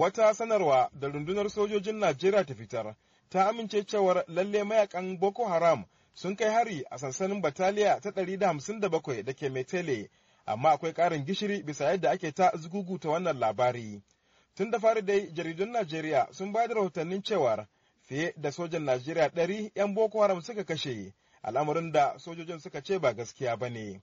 Wata sanarwa da rundunar sojojin Najeriya ta fitar ta amince cewar lalle mayakan Boko Haram sun kai hari a sansanin Bataliya ta 157 da ke Metele, amma akwai ƙarin gishiri bisa yadda ake ta ta wannan labari. Tun da fari dai jaridun Najeriya sun ba da rahotannin cewar fiye da sojan Najeriya ɗari 'yan Boko Haram suka kashe, al'amarin da sojojin suka ce ba gaskiya ba ne.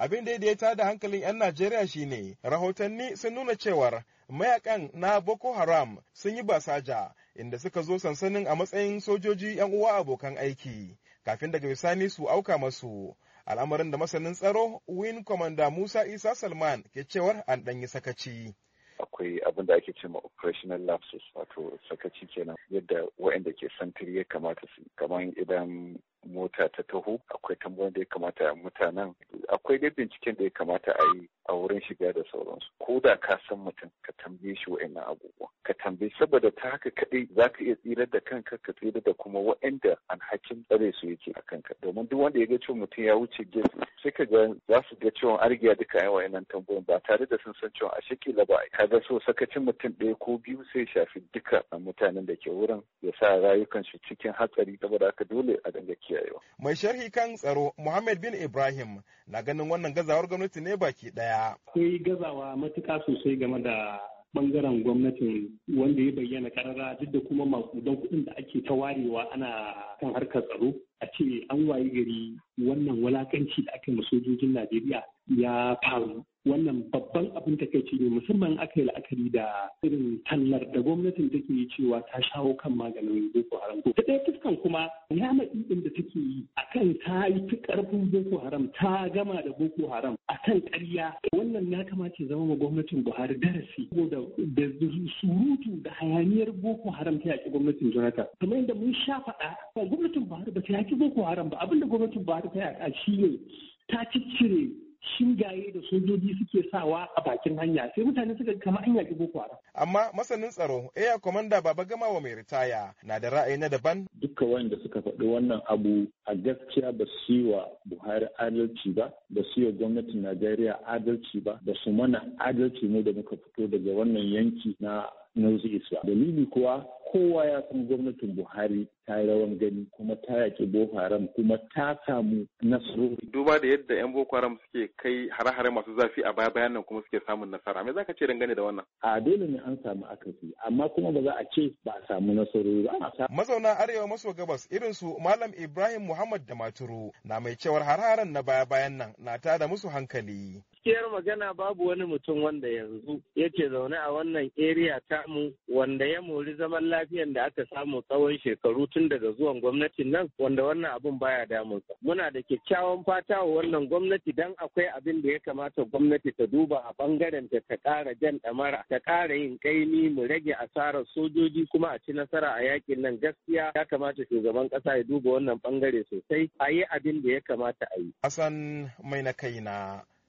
abin da ya tada hankalin 'yan najeriya shine rahotanni sun nuna cewar mayakan na boko haram sun yi basaja inda suka zo sansanin a matsayin sojoji 'yan uwa abokan aiki kafin daga bisani su auka masu al'amarin da masanin tsaro win commander musa isa salman ke cewar an ɗanyi sakaci akwai abin da ake cewa operational lapses wato sakaci kenan yadda waɗanda ke santiri ya kamata su kamar idan mota ta taho akwai tambayoyin da ya kamata a mutanen akwai dai binciken da ya kamata a yi a wurin shiga da sauransu ko da ka san mutum ka tambaye shi wa'annan abubuwa ka tambaye saboda ta haka kaɗai za ka iya tsirar da kanka ka tsira da kuma wa'anda alhakin tsare su yake a kanka domin duk wanda ya ga cewa mutum ya wuce gefe sai ka ga za su ga cewa an riga duka yawa yanan tambayoyin ba tare da sun san cewa a shakila ba ka ga so sakacin mutum ɗaya ko biyu sai shafi duka a mutanen da ke wurin ya sa rayukan rayukansu cikin hatsari saboda haka dole a dinga Mai sharhi kan tsaro Muhammad bin Ibrahim na ganin wannan gazawar gwamnati ne baki ɗaya. Akwai gazawa matuƙa sosai game da bangaren gwamnatin wanda ya bayyana karara duk da kuma makudan kuɗin da ake ta warewa ana kan harkar tsaro a ce an wayi gari wannan walakanci da aka yi sojojin Najeriya ya faru wannan babban abin takaici ne musamman aka yi la'akari da irin tallar da gwamnatin take yi cewa ta shawo kan maganin boko haram ta ɗaya fuskan kuma ya maɗi da take yi akan ta yi ta ƙarfin boko haram ta gama da boko haram a kan ƙarya wannan ya kamata ya zama ma gwamnatin Buhari darasi saboda da surutu da hayaniyar Boko Haram ta yaki gwamnatin Jonathan kamar yadda mun sha faɗa gwamnatin Buhari ba ta yaki Boko Haram ba abinda gwamnatin Buhari ta shi ne ta ciccire shingaye da sojoji suke sawa a bakin hanya sai mutane suka kama an yaki boko haram amma masanin tsaro Air commander baba gama wa mai ritaya na da ra'ayi na daban duka wanda suka faɗi wannan abu a gaskiya ba su yi wa buhari adalci ba ba su yi gwamnatin najeriya adalci ba ba su mana adalci ne da muka fito daga wannan yanki na North East ba. Dalili kuwa kowa ya san gwamnatin buhari ta yi rawan gani kuma ta yaƙi boko haram kuma ta samu nasarori duba da yadda yan boko haram suke kai hare-hare masu zafi a baya bayan nan kuma suke samun nasara me za ka ce dangane da wannan a dole ne an samu akasi amma kuma ba za a ce ba a samu nasarori ba mazauna arewa maso gabas irin su malam ibrahim muhammad da maturu na mai cewar hare-haren na baya bayan nan na tada musu hankali gaskiyar magana babu wani mutum wanda yanzu yake zaune a wannan area tamu wanda ya mori zaman lafiyan da aka samu tsawon shekaru tun daga zuwan gwamnatin nan wanda wannan abun baya damunsa. Muna da kyakkyawan fata wa wannan gwamnati dan akwai abin da ya kamata gwamnati ta duba a bangaren ta ta ƙara jan ɗamara ta kara yin kaimi mu rage asarar sojoji kuma a ci nasara a yakin nan gaskiya ya kamata shugaban ƙasa ya duba wannan bangare sosai a yi abin da ya kamata a yi. Hassan mai na kaina